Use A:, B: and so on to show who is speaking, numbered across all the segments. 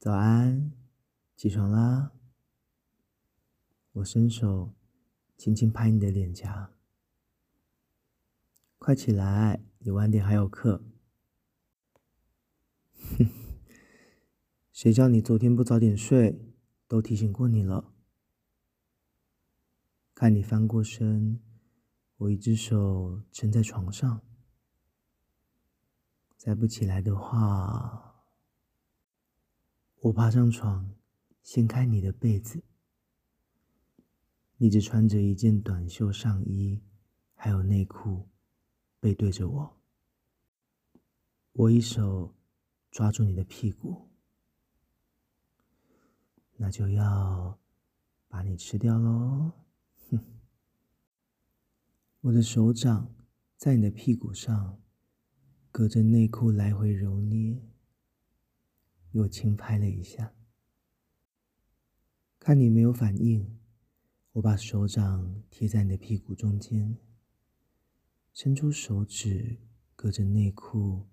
A: 早安，起床啦！我伸手輕輕拍你的臉頰，快起來，你晚點還有課。哼， 誰叫你昨天不早點睡，都提醒過你了。看你翻過身，我一隻手撐在床上，再不起來的話。我爬上床，掀開你的被子。你只穿着一件短袖上衣，還有內褲，背對着我。我一手抓住你的屁股，那就要把你吃掉嘍！哼， 我的手掌在你的屁股上，隔着內褲來回揉捏。又輕拍了一下。看你沒有反應，我把手掌貼在你的屁股中間，伸出手指，隔着內褲，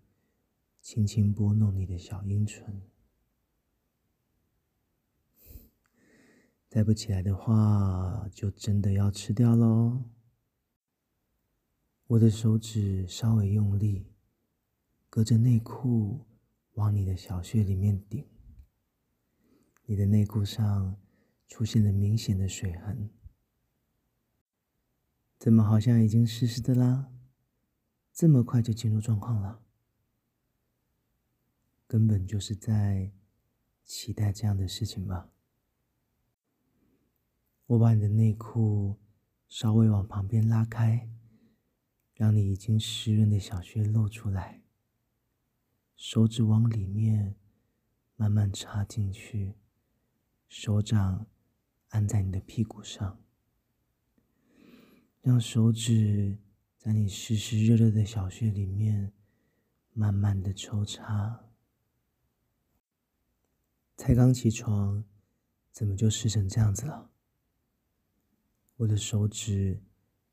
A: 輕輕撥弄你的小陰唇。再不起來的話，就真的要吃掉咯。我的手指稍微用力，隔着內褲，往你的小穴裡面頂，你的內褲上出現了明顯的水痕。怎麼好像已經濕濕的啦？這麼快就進入狀況了？根本就是在期待這樣的事情吧。我把你的內褲稍微往旁邊拉開，讓你已經濕潤的小穴露出來。手指往裡面慢慢插進去，手掌按在你的屁股上，讓手指在你濕濕熱熱的小穴裡面慢慢的抽插。才剛起床，怎麼就濕成這樣子了？我的手指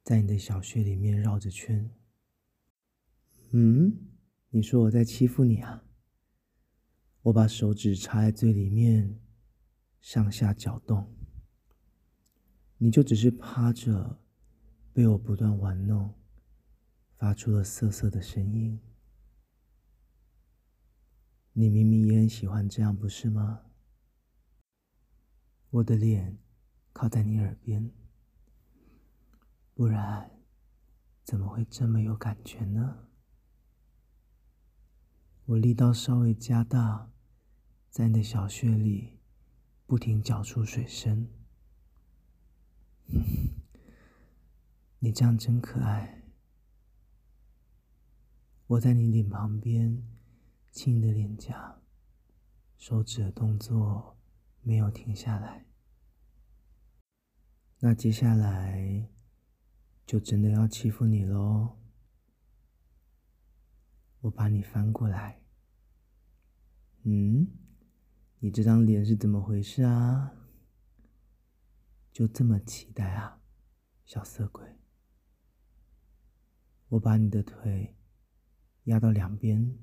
A: 在你的小穴裡面繞着圈，嗯？你說我在欺負你啊！我把手指插在最裡面，上下攪動，你就只是趴着，被我不斷玩弄，發出了瑟瑟的聲音。你明明也很喜歡這樣，不是嗎？我的臉靠在你耳邊，不然怎麼會這麼有感覺呢？我力道稍微加大，在你的小穴裡不停攪出水聲。 你這樣真可愛，我在你臉旁邊親你的臉頰，手指的動作沒有停下來。那接下來就真的要欺負你嘍。我把你翻過來，嗯，你這張臉是怎麼回事啊？就這麼期待啊，小色鬼！我把你的腿壓到兩邊，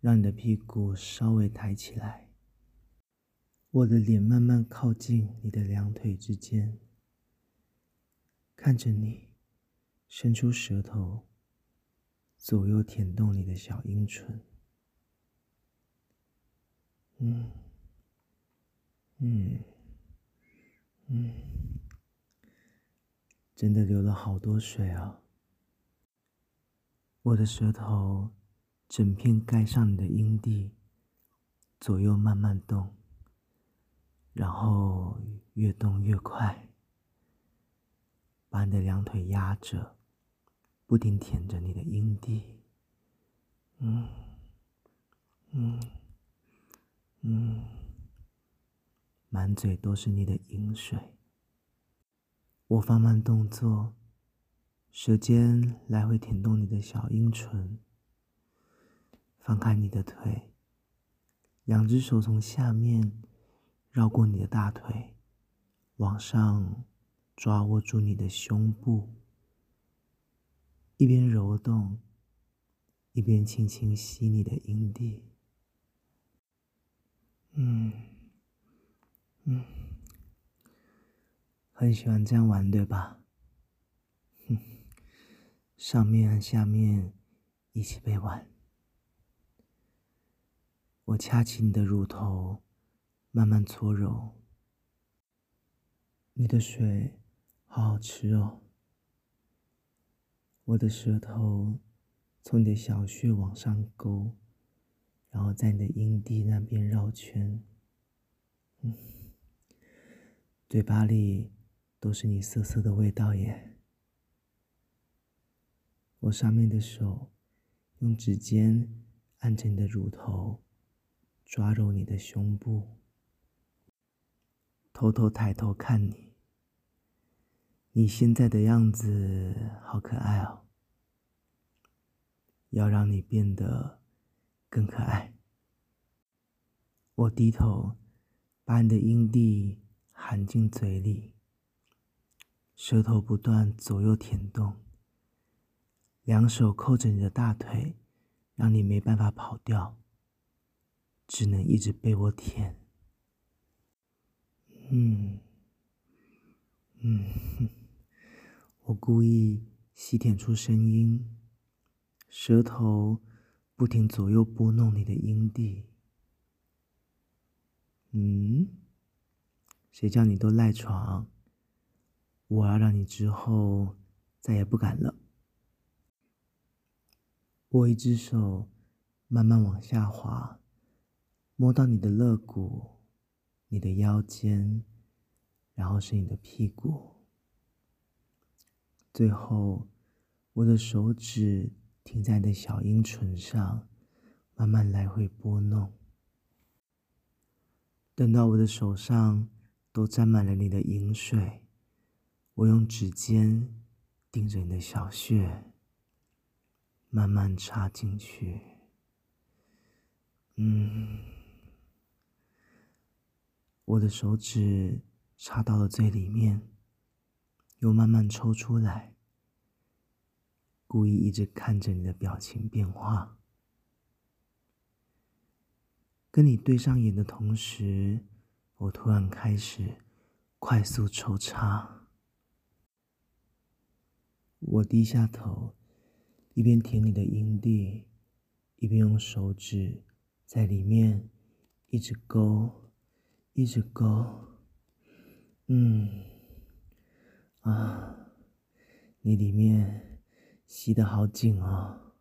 A: 讓你的屁股稍微抬起來，我的臉慢慢靠近你的兩腿之間，看着你伸出舌頭。左右舔動你的小陰唇，嗯，嗯，嗯，真的流了好多水啊！我的舌頭，整片蓋上你的陰蒂，左右慢慢動，然後越動越快，把你的兩腿壓着。不停舔着你的陰蒂，嗯，嗯，嗯，滿嘴都是你的淫水。我放慢動作，舌尖來回舔動你的小陰唇。放開你的腿，兩隻手從下面繞過你的大腿，往上抓握住你的胸部。一邊揉動，一邊輕輕吸你的陰蒂，嗯嗯，很喜歡這樣玩，對吧？嗯，上面和下面一起被玩，我掐起你的乳頭，慢慢搓揉，你的水好好吃哦。我的舌頭從你的小穴往上勾，然後在你的陰蒂那邊繞圈，嗯，嘴巴裡都是你澀澀的味道耶。我上面的手用指尖按着你的乳頭，抓揉你的胸部，偷偷抬頭看你。你現在的樣子好可愛哦，要讓你變得更可愛。我低頭把你的陰蒂含進嘴裡，舌頭不斷左右舔動，兩手扣着你的大腿，讓你沒辦法跑掉，只能一直被我舔。嗯，嗯我故意吸舔出聲音，舌頭不停左右撥弄你的陰蒂。嗯，誰叫你都賴床？我要讓你之後再也不敢了。我一隻手慢慢往下滑，摸到你的肋骨，你的腰間，然後是你的屁股。最後，我的手指停在你的小陰唇上，慢慢來回撥弄。等到我的手上都沾滿了你的淫水，我用指尖頂著你的小穴，慢慢插進去。嗯，我的手指插到了最裡面。又慢慢抽出來，故意一直看着你的表情變化。跟你對上眼的同時，我突然開始快速抽插。我低下頭，一邊舔你的陰蒂，一邊用手指在裡面一直勾，一直勾，嗯。啊，你裡面吸的好緊哦，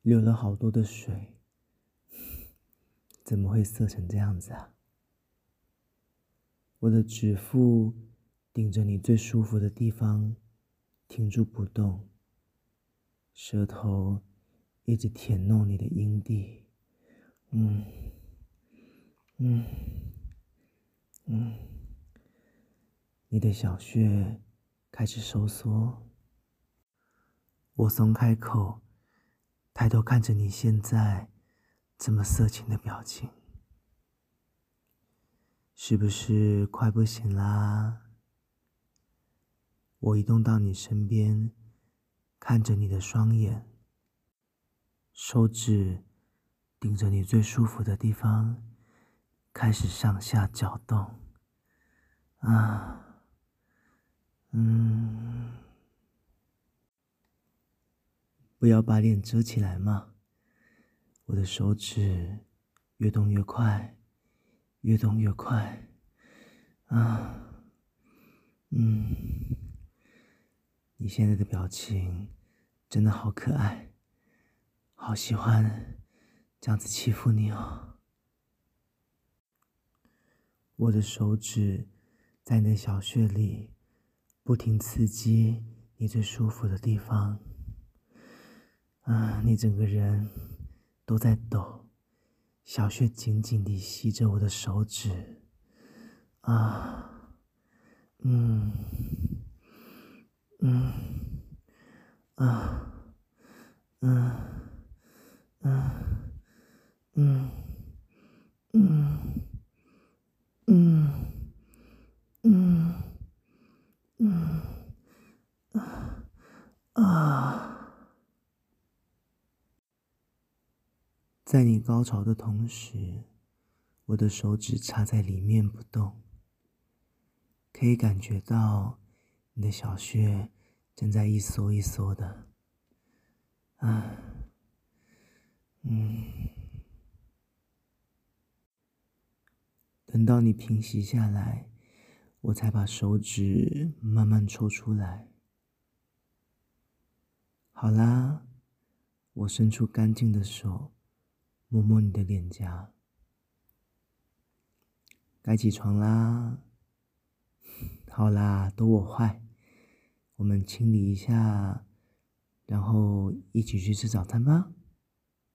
A: 流了好多的水，怎麼會澀成這樣子啊？我的指腹頂着你最舒服的地方，停住不動，舌頭一直舔弄你的陰蒂，嗯，嗯，嗯。你的小穴開始收縮，我鬆開口，抬頭看着你現在這麼色情的表情，是不是快不行啦？我移動到你身邊，看着你的雙眼，手指頂着你最舒服的地方，開始上下攪動，啊！嗯，不要把臉遮起來嘛！我的手指越動越快，越動越快啊！嗯，你現在的表情真的好可愛，好喜歡這樣子欺負你哦！我的手指在你的小穴裡。不停刺激你最舒服的地方，啊！你整個人都在抖，小穴緊緊地吸着我的手指，啊，嗯，嗯，啊，嗯、啊啊，嗯，嗯。在你高潮的同時，我的手指插在裡面不動，可以感覺到你的小穴正在一縮一縮的。啊，嗯，等到你平息下來，我才把手指慢慢抽出來。好啦，我伸出乾淨的手。摸摸你的臉頰，該起床啦！好啦，都我壞，我們清理一下，然後一起去吃早餐吧。